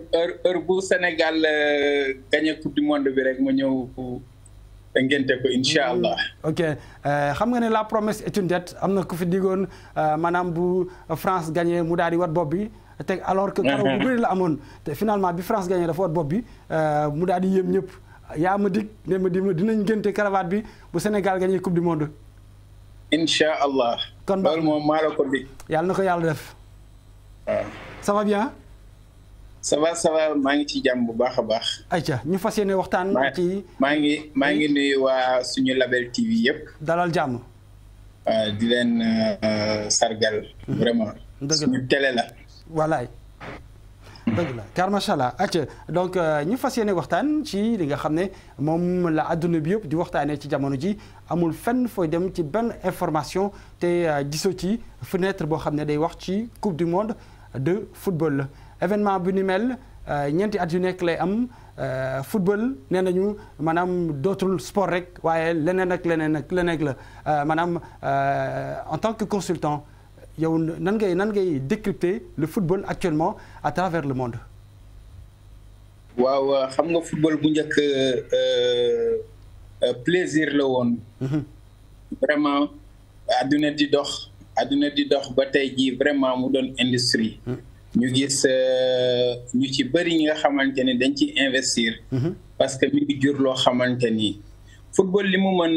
heure bu Sénégal euh, gagné coupe du monde bi rek mu ñëw ngénte ko incha hmm. allah. ok euh, xam nga ne la promesse est am na ku fi digoon euh, maanaam bu France gagné mu daal di wat bopp bi. te alors que karaw bu bëri la amoon te finalement bi France gagné dafa wat bopp bi mu daal di yéem ñëpp yaa ma dig dinañ ngénte cravate bi bu Sénégal gagné coupe du monde. incha allah. kon loolu moom maa la ko dig. yàlla na ko yàlla def. ça bien. ça va ça maa ngi ci jàmm bu baax a baax. ayca ñu fas yéene waxtaan. ci maa ngi maa ngi nuyu waa suñu Label TV yëpp. dalal jàmm. Euh, di leen euh, sargal. Mhm. vraiment suñu télé la. wallaay. Mhm. dëgg la car macha allah acca donc euh, ñu fas yéene waxtaan ci li nga xam ne moom la àdduna bi yëpp di waxtaanee ci jamono ji amul fenn fooy dem ci benn information te gisoo ci fenêtre boo xam ne day wax ci coupe du monde de football. événement bu ni mel euh, ñeenti at yu nekk lay am euh, football nee nañu maanaam dootul sport rek waaye leneen ak leneen ak leneen la euh, maanaam en tant que consultant yow nan ngay nan ngay décrypter le football actuellement à travers le monde. waaw xam nga football bu njëkk plaisir la woon. Mhm. vraiment adduna di dox adduna di dox ba tey jii vraiment mu doon industrie. Mhm. ñu gis euh, ñu ci bëri ñi nga xamante ni dañ ci investir. Mhm. parce que mi ngi jur loo xamante ni. football li mu mën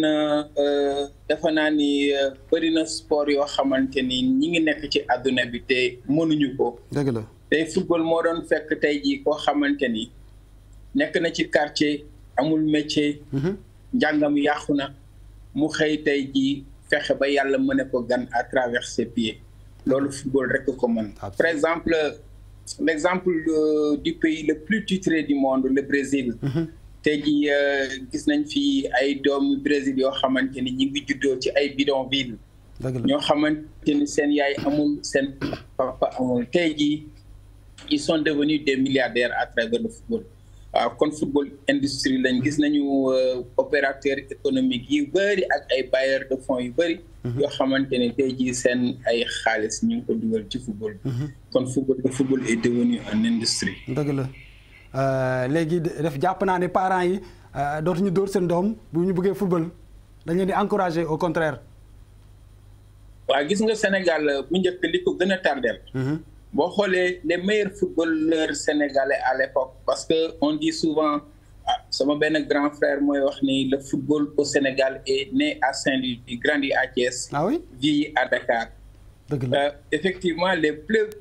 euh, dafa naa ni euh, bëri na sport yoo xamante ni ñu ngi nekk ci àdduna bi te mënuñu ko. dëgg la tey football moo doon fekk tey jii koo xamante ni nekk na ci quartier amul métier. Mhm. njàngam yàqu na mu xëy tey jii fexe ba yàlla mën ne ko gan à travers ses pieds. loolu football rek ko mën par exemple l'exemple euh, du pays le plus titré du monde le Brésil mhm. te jii euh, gis nañ fi ay doom Brésil yoo xamante ni ñi ngi juddoo ci ay bidonville ñoo xamante ni seen yaay amul seen papa amul tey jii ils sont devenus des milliardaires à travers le football waaw kon football industrie lañ gis nañu euh, opérateur économique yi bëri ak ay bailleurs de fonds yu bëri. Mhm. yoo xamante ne tey jii seen ay xaalis ñu ngi ci football mhm. kon football le football est devenu une industrie. dëgg la euh, léegi def jàpp naa ne parents yi euh, dootuñu dóor seen doom bu ñu buggee football dañ leen di encourager au contraire. waa gis nga Sénégal bu njëkk li ko gën a boo xoolee les meilleurs footballeurs sénégalais à l'époque parce que on dit souvent a ah, sama benn grand frère mooy wax ni le football au Sénégal est né à Saint-Louis grandi à Thiès. ah oui vieilli à Dakar. Euh, effectivement les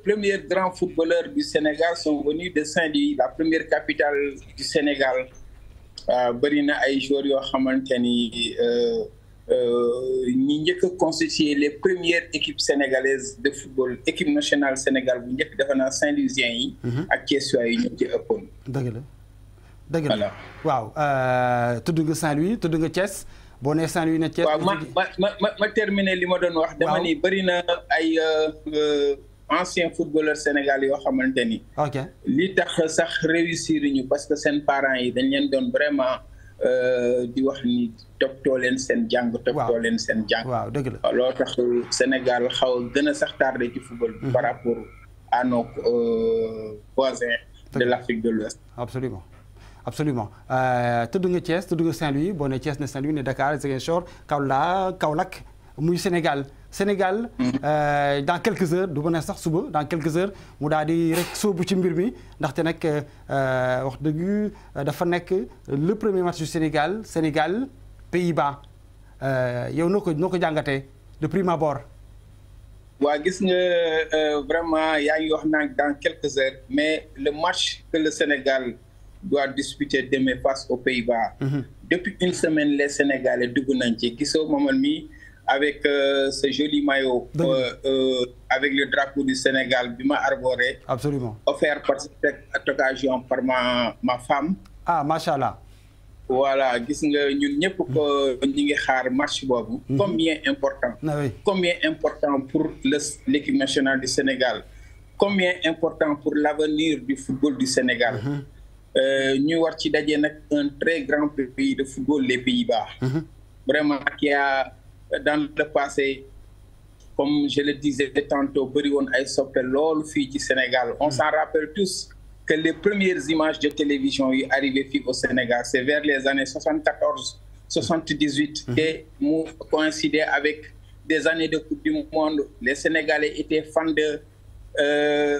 premiers grands footballeurs du Sénégal sont venus de Saint-Louis la première capitale du Sénégal euh, bëri na ay joueurs yoo xamante ni. Euh, ñi njëkk a constitué les premières équipes sénégalaises de football équipe nationale Sénégal bu njëkk defe naa Saint-Louisien yi. Mhm. ak Thiessois yi ñu ci ëppoon. dëgg la dëgg la waaw euh, tudd nga Saint-Louis tudd nga Thiès. boo nee Saint-Louis ne Thiès. waaw ma ma ma ma terminé li ma doon wax. dama ni bëri na ay euh, euh, anciens footballeurs Sénégal yoo xamante ni. ok li tax sax réussir ñu parce que seen parents yi dañ leen doon vraiment di wax ni. toppatoo leen seen jàng. waaw toppatoo leen seen jàng. waaw dëgg la a gën a sax tardé ci football bi. Mhm. par rapport à nos euh, euh, boo ne Thiès ne Saint-Louis ne Dakar Ziguinchor Kaolack Kaolack muy Sénégal Sénégal mhm. euh, dans quelques heures du ma sax suba dans quelques heures mu daal di rek sóobu ci mbir mi ndaxte nag wax dëgg dafa nekk le premier match du Sénégal Sénégal Pays-Bas euh, yow noo ko noo ko jàngatee de prime abord. waa gis nga euh, vraiment yaa ngi wax naan dans quelques heures mais le match que le Sénégal doit disputer demain face aux Pays-Bas. Mm-hmm. depuis une semaine les Sénégalais dugg nañ ci giso maman mi avec euh, ce joli maillot. Euh, avec le drapeau du Sénégal bi ma arboré. absolument offert par cette occasion par ma femme. ah macha allah. voilà gis nga ñu ñëpp ko ñi ngi xaar match boobu mhm. combien important ah combien important pour le l'équipe nationale du Sénégal combien important pour l'avenir du football du Sénégal mhm. euh, ñu war ci daje nag un très grand pays de football les Pays-Bas mhm. vraiment qui dans le passé comme je le disais tantôt bëri woon ay soppe loolu fii ci Sénégal on s'en rappelle tous que les premières images de télévision yi arrivé fii au Sénégal c'est vers les années soixante-quatorze soixante-dix-huit mhm. te mu coïncidé avec des années de coupe du monde les Sénégalais étaient fans de euh,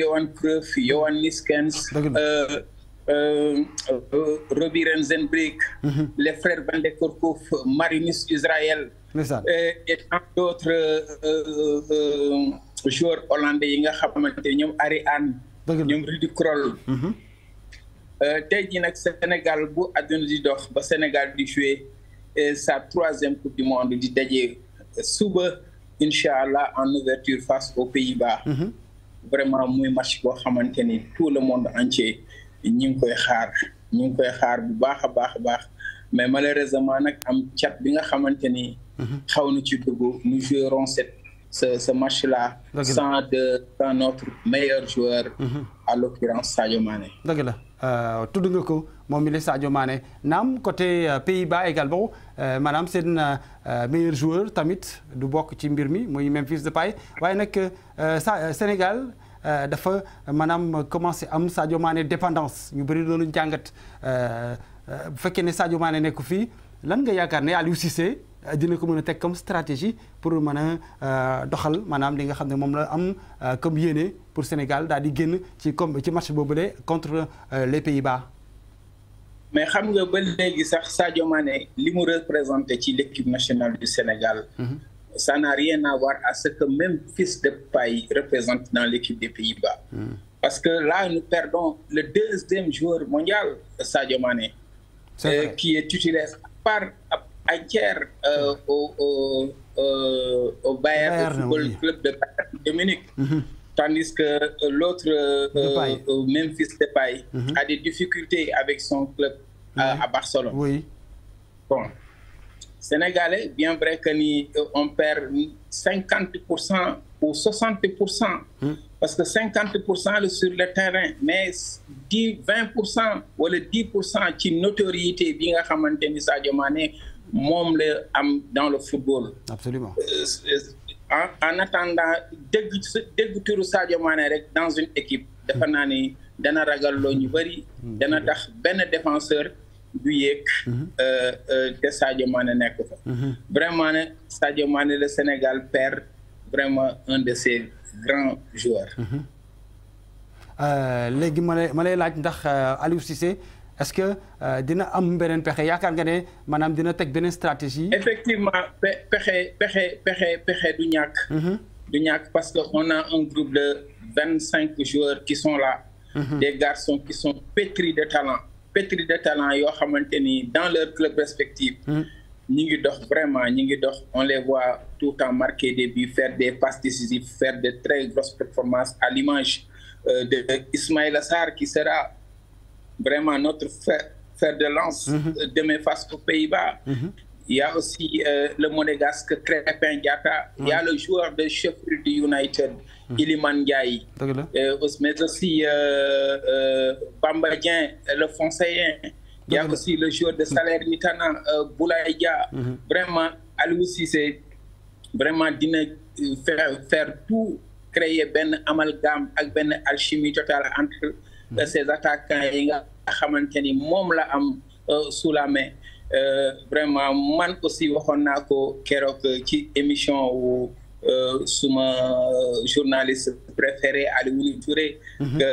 Johan Cruyff Johan Niskens ah, euh, euh, euh, Robbie Renzenbrink mm -hmm. les frères Van de Kerkhove Marinus Israël et, euh, et tant d'autres euh, joueurs hollandais yi nga xamante ñoom Harry Anne ñoom Rudy Kroll mhm. euh, tey jii nag Sénégal bu àdduna di dox ba Sénégal di jouer euh, sa troisième coupe du monde di daje euh, suba incha allah en ouverture face aux Pays-Bas mhm. vraiment muy match boo xamante ni tout le monde entier ñu ngi koy xaar ñu ngi koy xaar bu baax a baax a baax mais malheureusement nag am cat bi nga xamante ni mhm. xaw na ci dugg nous jouerons cette ce, ce match-là sans, de, sans notre meilleur joueur, mm nga ko moom mi la maane naam côté euh, Pays-Bas également euh, maanaam seen meilleur joueur tamit du bokk ci mbir mi muy de Depay waaye nag Sénégal dafa maanaam commencé am Sadio maane dépendance ñu bëri loolu jàngat bu fekkee ne Sadio maane nekk fii lan nga yaakaar ne Aliou Cissé. Euh, dina ko mën a teg comme stratégie pour mën a euh, doxal maanaam li nga xam ne moom la am euh, comme yéene pour Sénégal daal di génn ci comme ci match boobule contre les Pays-Bas. mais xam nga ba léegi sax Sadio Mané li mu représenté ci l'équipe nationale du Sénégal. Mhm. ça n'a rien à voir à ce que même fils de Paille représente dans l'équipe des Pays-Bas. Mhm. Parce que là, nous perdons le deuxième joueur mondial, Sadio Mané, euh, qui est titulaire par, à Thiers euh, au, au, au, au Bayern, Bayern Football oui. Club de Bayern Dominique. Mm -hmm. Tandis que euh, l'autre, euh, Depay. Memphis Depay, mm -hmm. a des difficultés avec son club euh, oui. à, Barcelone. Oui. Bon. Sénégalais, bien vrai qu'on perd 50% ou 60%, mm. parce que 50% sur le terrain, mais 10, 20% ou le 10% qui notoriété, bien à Sadio Mané, moom la am dans le football. absolument euh, euh, en en attendant dégg dégg turu Sadio maane rek dans une équipe. dafa naa ni dana ragal loo ñu bëri. dana tax benn défenseur du yéeg. Euh, te Sadio Mané nekk fa. vraiment ne Sadio maane le Sénégal perd vraiment un de ses grands joueurs. léegi ma lay ma laaj ndax Aliou Cissé. est-ce que euh, dina am beneen pexe yaakaar nga ne maanaam dina teg beneen stratégie. effectivement pe pexe pexe pexe pexe du ñàkk. Mm-hmm. du parce que on a un groupe de vingt cinq joueurs qui sont là. Mm-hmm. des garçons qui sont pétris de talent pétris de talent yoo xamante ni dans leur club respectif. Mm-hmm. ñu ngi dox vraiment ñu ngi dox on les voit tout le temps marquer des buts faire des passes décisives faire de très grosses performances à l'image euh, de Ismaïla Sarr qui sera vraiment notre fer, fer de lance mm -hmm. demain face aux Pays-Bas. Mm a aussi euh, le monégasque Crépin Diatta. Il y a le joueur de Sheffield United, mhm. Iliman Ndiaye. Euh, mais aussi euh, euh Bambadien, le Français. Il y a aussi le jour de mhm. Salernitana, Boulaïga. Mhm. Vraiment, lui aussi, vraiment dina faire, faire tout, créer ben amalgame avec ben alchimie totale entre de ces attaquants yi nga xamante ni moom la am euh, su la main euh, vraiment man aussi waxoon naa ko keroog ci émission wu euh, suma journaliste préféré Alioune Touré mhm. que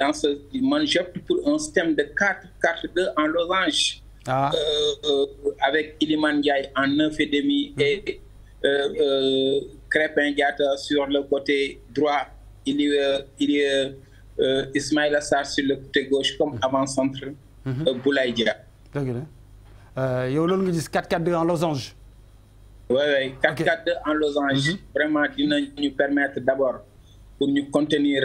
dans ce man j'opte pour un système de quatre quatre deux en losange ah. euh, avec Iliman Ndiaye en neuf et demi mhm. et euh, euh, Crépin sur le côté droit il il Euh, Ismaïla Sarr sur le côté gauche comme mhm. avant-centre. Mhm. Euh, Boulaye Dia. dëgg la euh, yow loolu nga gis 4-4-2 en losange. oui oui 4-4-2 en losange. Mhm. vraiment dina ñu permettre d'abord pour ñu contenir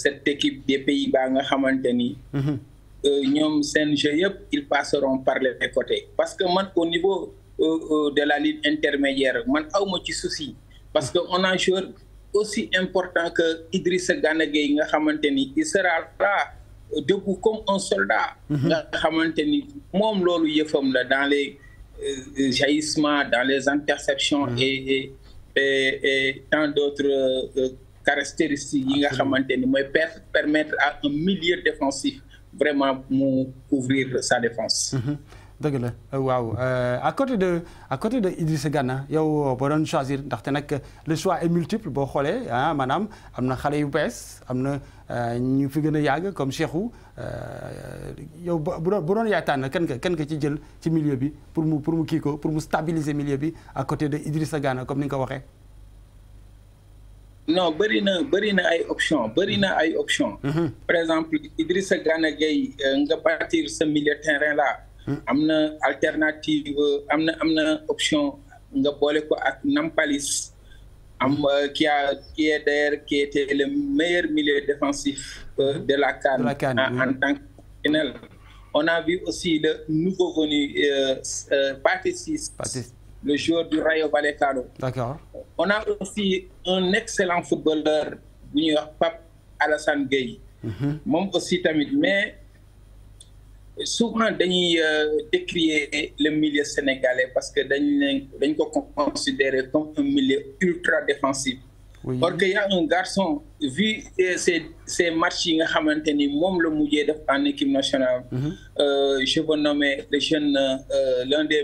cette équipe des Pays-Bas nga xamante ni. ñoom seen jeu yëpp ils passeront par les côtés parce que man au niveau de la ligne intermédiaire man awma ci souci parce que on a joueur. aussi important que Idrissa Gana Gueye nga xamante ni il sera là debout comme un soldat mhm. nga xamante ni moom loolu yëfam la dans les euh, euh jaillissements dans les interceptions mm -hmm. et, et et tant d'autres euh, caractéristiques yi nga xamante ni mooy permettre à un milieu défensif vraiment mu couvrir sa défense mm -hmm. dëgg la euh, waaw a euh, côté de à côté de Idrissa Gana yow euh, boo doon choisir ndaxte nag le choix est multiple boo xoolee ah maanaam am na xale yu bees am na ñu fi gën a yàgg comme Cheikhou yow bu doon bu doon yaay tànn kan nga kan nga ci jël ci milieu bi pour mu pour mu kii ko pour mu stabiliser milieu bi a côté de Idrissa Gana comme ni nga ko waxee. non bëri na bëri na ay option bëri na ay option. Mhm. par exemple Idrissa Gana Gueye nga bâtir sa milieu terrain là. am na alternative am na am na option nga boole ko ak Nampalis am euh, qui ki qui est d'ailleurs qui était le meilleur milieu défensif euh, de la CAN en tant que on a vu aussi le nouveau venu euh, Pathé Ciss le joueur du Rayo Vallecano d'accord on a aussi un excellent footballeur bu ñuy wax Pape Alassane Gueye mm-hmm. aussi tamit souvent dañuy euh, décrier le milieu sénégalais parce que dañuy ne dañ ko considérer comme un milieu ultra défensif oui. or que y a un garçon vu ces euh, matchs yi nga xamante ni moom la mujjee def en équipe nationale mm -hmm. euh, je veux nommer le jeune euh, l'un des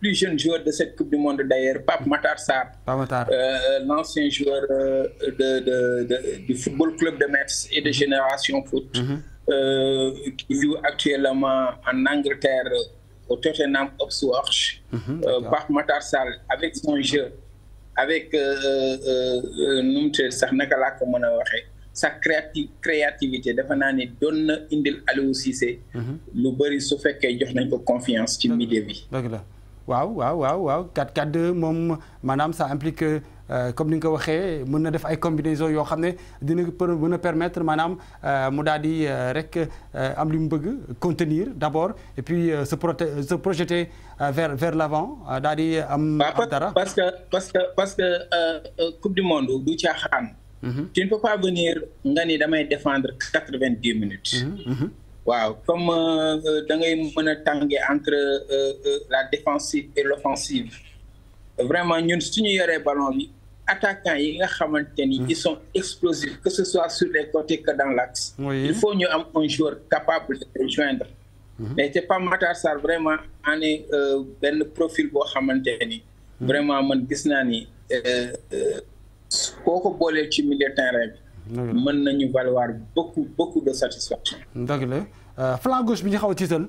plus jeunes joueurs de cette coupe du monde d'ailleurs Pape Matar Sarr Pape Matar euh, l'ancien joueur de, de de du football club de Metz et de mhm. Génération Foot mhm. qui euh, joue actuellement en Angleterre o Tottenham Hotspur. Pape mhm, euh, Matar Sall avec son jeu avec euh, nu mu sax naka laa ko mën a waxee sa créati créativité dafa naa ne doon na indil Aliou mhm. lu bëri su fekkee jox nañ ko confiance ci milieu bi. waaw waaw waaw waaw 4-4-2 moom maanaam Euh, comme ni nga ko waxee mën na def ay combinaison yoo xam ne dina mën a permettre maanaam euh, mu daal di euh, rek am li mu bëgg contenir d' abord et puis se proté se projeter vers vers l' avant daal di am. dara parce que parce que parce que coupe du monde du caaxaan. Mhm. tu ne peux pas venir nga ni damay défendre quatre vingt dix minutes. Mhm, mhm. waaw comme da ngay mën a tàngee entre la défensive et l' vraiment ñun suñu yoree ballon bi attaquants yi nga xamante ni hmm. ils sont explosifs que ce soit sur les côtés que dans l'axe oui. il faut ñu am un joueur capable de rejoindre hmm. mais c'est pas Matar Sarr vraiment année euh, benn profil boo xamante ni hmm. vraiment man gis naa ni euh, euh, koo ko booleel ci milieu terrain bi mën nañu valoir beaucoup beaucoup de satisfaction dëgg la flanc gauche bi ñu xaw a tiital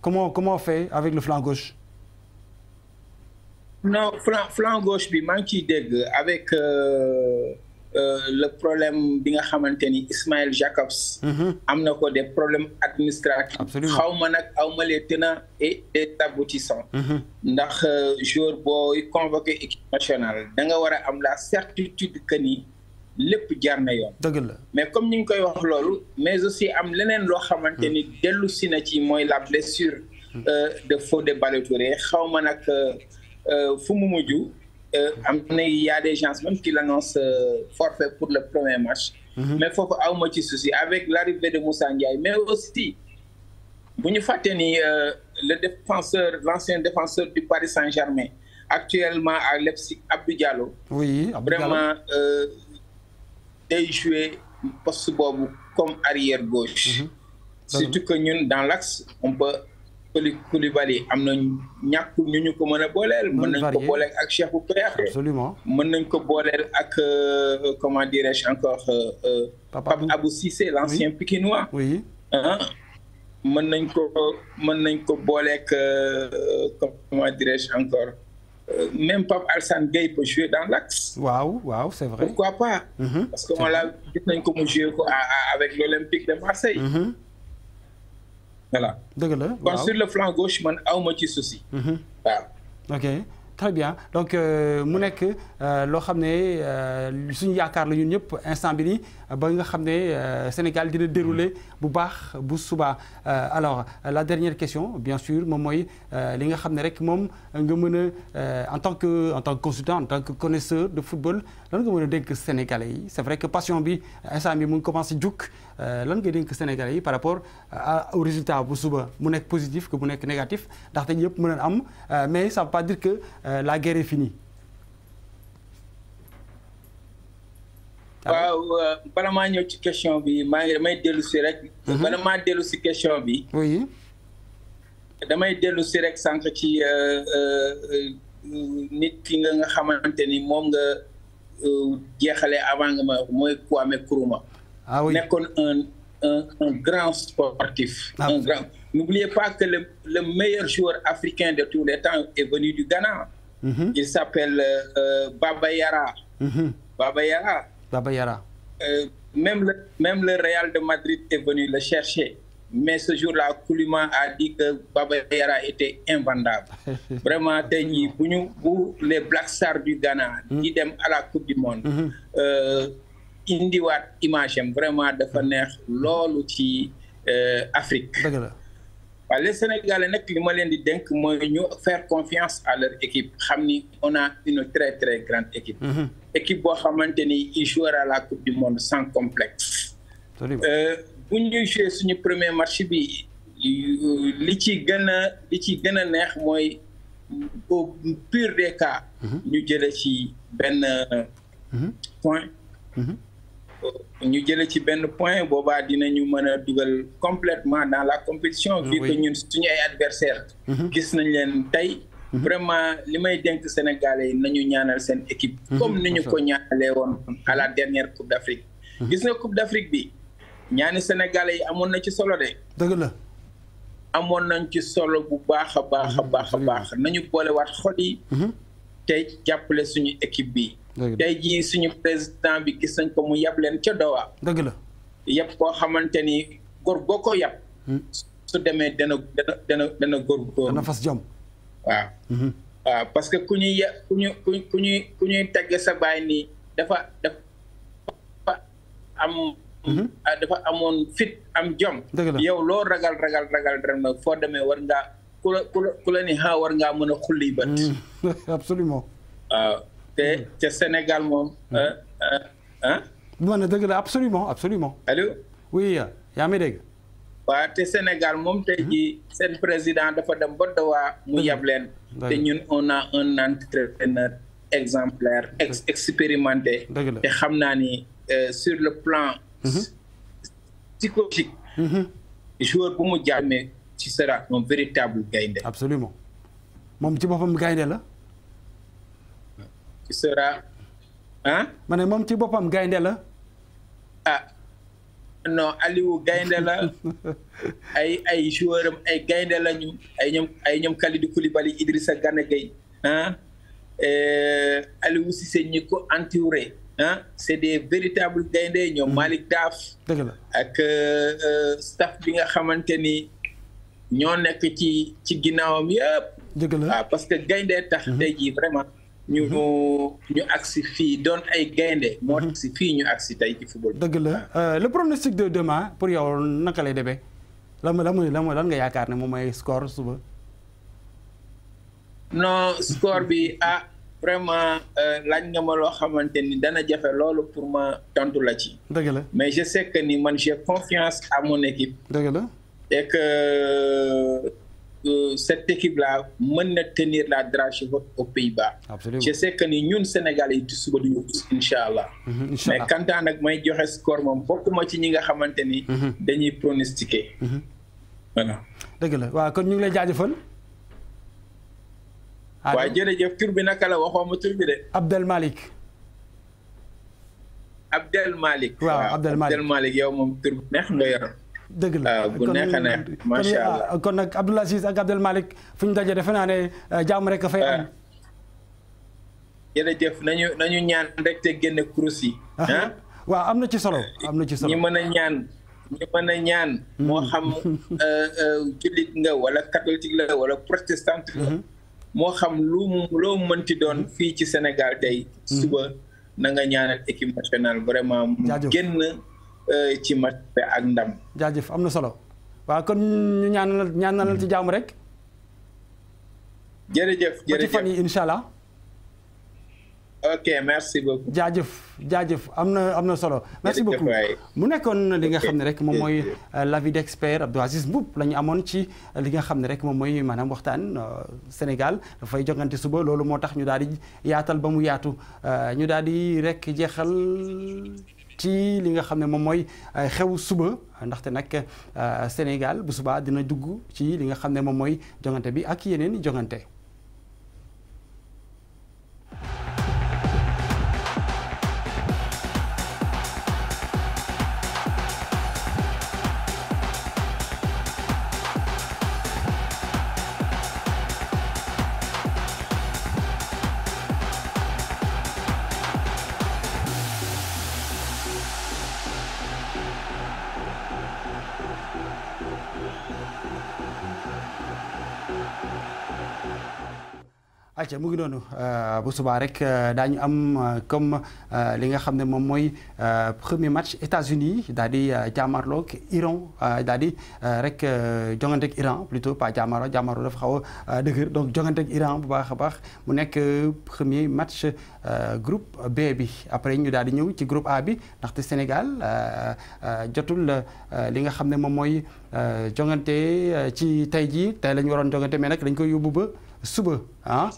comment comment on fait avec le flanc gauche non flanc flanc gauche bi maa ngi ciy dégg avec euh, euh le problème bi nga xamante ni Ismaël Jacobs. Mm am na ko des problèmes administratifs. xaw ma nag aw ma les tenants et les mhm. ndax euh, jour booy convoqué équipe nationale da nga war a am la certitude que ni lépp jarne na yoon. dëgg mais comme ni nga koy wax loolu mais aussi am leneen loo xamante ni mhm. dellu si na ci mooy la blessure. Mhm. Euh, de Fodé des touré xaw ma nag. Euh, Euh, fu mu mujj euh, am na y a des gens même qui l'annoncent euh, forfait pour le premier match mhm. mais foofu awma ci souci avec l'arrivée de Moussa Ndiaye mais aussi bu ñu fàtte ni le défenseur l'ancien défenseur du Paris Saint-Germain actuellement à Leipzig Abdou Diallo oui vraiment day jouer poste boobu comme arrière gauche mhm. surtout que ñun dans l'axe on peut Koulibaly Koulibaly am na ñàkkul ñu ñu ko mën a booleel. mën nañ ko booleel ak Cheikhou Kouyaté. absolument mën nañ ko boole ak euh, comment dirais-je encore. Euh, euh, Papa Abou Cissé l'ancien Pikinois. oui mën nañ ko mën nañ ko booleeg comment dirais-je encore même Pape Alassane Gueye peut jouer dans l'axe. waaw waaw c'est vrai. Mhm. parce que on l'a gis avec l'Olympique de Marseille. Mhm. voilà dëgg la waaw kon sur le flanc gauche ci souci. Mhm. waaw. ok très bien donc euh, mu nekk euh, loo xam ne euh, suñu yaakaar la ñun ñëpp instant bi nii ba nga xam ne Sénégal dina dérouler bu baax bu subaa alors la dernière question bien sûr moom mooy li nga xam ne rek moom nga mën a en tant que en tant que consultant en tant que connaisseur de football lan nga mën a dénk yi c'est vrai que passion bi instant bi mu ngi commencé jug. Euh, lan nga denk sénégal yi par rapport euh, au résultat bu suba mu nekk positif que bu nekk négatif ndaxte yëpp mën na am euh, mais ça veut pas dire que la guerre est finie. Ah waaw bala maa ñëw ci question bi maa ngi damay dellu si rek. Mhm. bala maa dellu si question bi. oui. damay dellu si rek sànq ci nit ki nga nga xamante ni moom nga jeexale avant nga ma mooy Kwame Nkrumah. ah oui nekkoon un un un grand sportif. Ah. pas que le meilleur joueur africain de tous les temps est venu du Ghana. Mm -hmm. il s'appelle euh, euh, mhm. Baba Yara. Baba Yara. Euh, même le même le Real de Madrid est venu le chercher. mais ce jour-là Koulima a dit que Baba Yara était invendable vraiment tey jii bu ñu bu les Black Stars du Ghana. di mhm. à la coupe du monde. Mhm. indiwaat image am vraiment dafa hmm. neex loolu ci euh, Afrique. dëgg la waaye les Sénégalais nag li ma leen di dénk mooy ñu faire confiance à leur équipe xam ni on a une très très grande équipe. Hmm. équipe boo xamante ni il jouera la coupe du monde sans complexe. Euh, bu ñuy joué suñu premier match bi li ci gën a li ci gën a neex mooy au pire des cas. Hmm. ñu jëlee ci benn point. ñu jële ci benn point boobaa dinañu mën a dugal completement dans la compétition ah vu que ñun suñu ay adversaire mhm. gis nañ leen tey mhm. vraiment li may dénk Sénégalais yi nañu ñaanal seen équipe mhm. comme ni ñu ko ñaanalee woon à la dernière Coupe d'Afrique gis na Coupe d'Afrique bi ñaani Sénégalais yi amoon na ci solo de dëgg la amoon nañ ci solo bu baax a baax a baax a baax nañu boolewaat xol yi te jàppale suñu équipe bi tey jii suñu président bi gis nañ ko mu yab leen ca dowa dëgg la yab koo xamante ni góor boo ko yab hmm. su demee dana dana dana dana góor góor dana fas jom waaw hmm. waaw parce que ku ñuy yab ku ñu ku ku ñuy ku ñuy tegge sa baay nii dafa dafa am hmm. ah, dafa amoon fit am jom yow loo ragal ragal ragal dem nag foo demee war ngaa ku la ku la ku la ni ha war ngaa mën a xulli bët absolument waaw te mm. ca Sénégal moom. ah. non non dëgg la absolument absolument. allo. oui yaa ngi dégg. waaw te Sénégal moom mm-hmm. te jii seen président dafa dem ba dawaa mu yab leen. te ñun un a un entrepreneur exemplaire ex expérimenté. te xam naa ni euh, sur le plan. Mm-hmm. psychologique. Mm-hmm. joueur bu mu jàmmee ci sera un véritable gaynde. absolument moom ci boppam gaynde la. qui sera ah. ma moom ci boppam gaynde la. ah non Aliou gaynde la ay ay joueur ay gaynde lañu ay ñoom ay ñoom Kalidou Koulibaly Idrissa Gana Gueye ah Aliou Cissé ñi ko entouré ah c'est des véritables gaynde ñoom mm. Malick Daaf. la ak euh, euh, staff bi nga xamante ni ñoo nekk ci ci ginnaawam yëpp. dëgg la ah, parce que gaynde tax mm-hmm. tey jii vraiment. ñu mhm. ñu agsi fii doon ay gaynde mhm. moo tax si fii ñu agsi tey ci football. dëgg la ah. euh, le pronostic de demain pour yow naka lay demee lan la mooy lan mooy nga yaakaar ne moom mooy score suba. non score bi ah vraiment euh, laaj nga ma loo xamante ni dana jafe loolu pour ma tontu la ci. dëgg la mais je sais que ni man j'ai confiance à mon équipe. dëgg la et euh, cette équipe-là mën na tenir la dragée haute aux Pays-Bas. je sais ni ñun Sénégal yi suba du ñu gis incha allah. mais kantaan nag may joxe score moom bokkuma ci ñi nga xamante ni. Mhm. dañuy pronostiquer. Mhm. voilà. dëgg la waaw kon ñu ngi lay jaajëfal. waaw jërëjëf tur bi naka la waxoo ma tur bi de. Abdel Malick. Abdel Malik. yow moom tur neex nga yor. dëgg la ah, bu ne ah, macha allah kon nag Abdoul Aziz ak Abdel Malick fu ñu daje defe naa ah, jàmm rek a nañu nañu ñaan rek te génne kurus yi. waaw am na ci solo am na ci solo ñi mën a ñaan ñi mën a ñaan. Hmm. moo xam euh, euh, jullit nga wala catholique la wala protestant la. Hmm. moo xam lu loo mënti doon hmm. fii ci Sénégal tey. suba na nga ñaanal équipe nationale vraiment mu génn. Euh, ci mat ak ndam. jaajëf am na solo waaw kon ñu ñaanal ñaanal ci jàmm rek. jërëjëf jërëjëf ba yi incha allah. ok merci beaucoup. jaajëf jaajëf am na am na solo. merci beaucoup mu nekkoon li nga xam ne rek moom mooy euh, l'avis d'expert Abdou Aziz Mboup la ñu amoon ci euh, li nga xam ne rek moom mooy maanaam waxtaan Sénégal dafay jogante suba loolu moo tax ñu daal di yaatal ba mu yaatu ñu daal di rek jeexal. ci li nga xam ne moom mooy euh, xew suba ndaxte nag euh, Sénégal bu subaa dina dugg ci li nga xam ne moom mooy jongante bi ak yeneen jongante acca mu ngi noonu euh, bu subaa rek euh, daañu am euh, comme li nga xam ne moom mooy premier match États-Unis daal di jaamarloog Iran daal di rek jonganteeg Iran plutôt pas jaamaro jaamaro xaw a dëgër donc Iran bu baax a baax mu nekk premier match groupe B bi après ñu daal di ñëw ci group A bi ndaxte Sénégal jotul li nga xam ne moom mooy jongante ci tey jii te la ñu waroon jongante mais nag dañ koy yóbbu ba. suba ah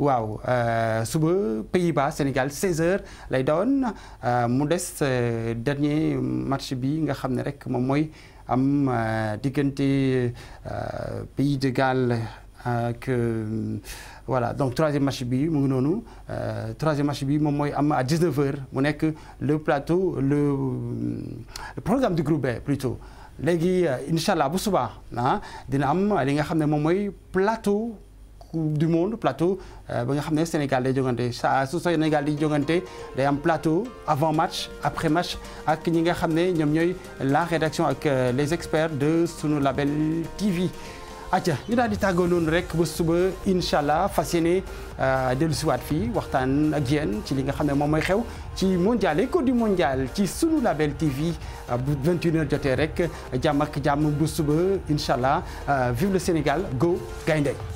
waaw euh, suba pays ba Sénégal 16h lay doon euh, mu des euh, dernier match bi nga xam ne rek moom mooy am diggante Pays de Galles ak voilà donc troisième match bi mu ngi noonu troisième match bi moom mooy am à 19h mu nekk le plateau le programme du groupe B plutôt. léegi euh, incha allah bu subaa ah dina am li nga xam ne moom mooy plateau coupe du monde plateau euh, ba nga xam ne Sénégal day jongante sa su Sénégal di jongante day am plateau avant match après match ak ñi nga xam ne ñoom ñooy la rédaction ak euh, les experts de sunu label TV. acca ñu daal di tàggoo noonu rek ba suba incha allah fas yéene euh, dellusiwaat fii waxtaan ak yéen ci li nga xam ne moom mooy xew ci mondial écho du mondial ci sunu label TV euh, bu 21h jotee rek jàmm ak jàmm bu suba incha allah euh, vive le Sénégal go gaynde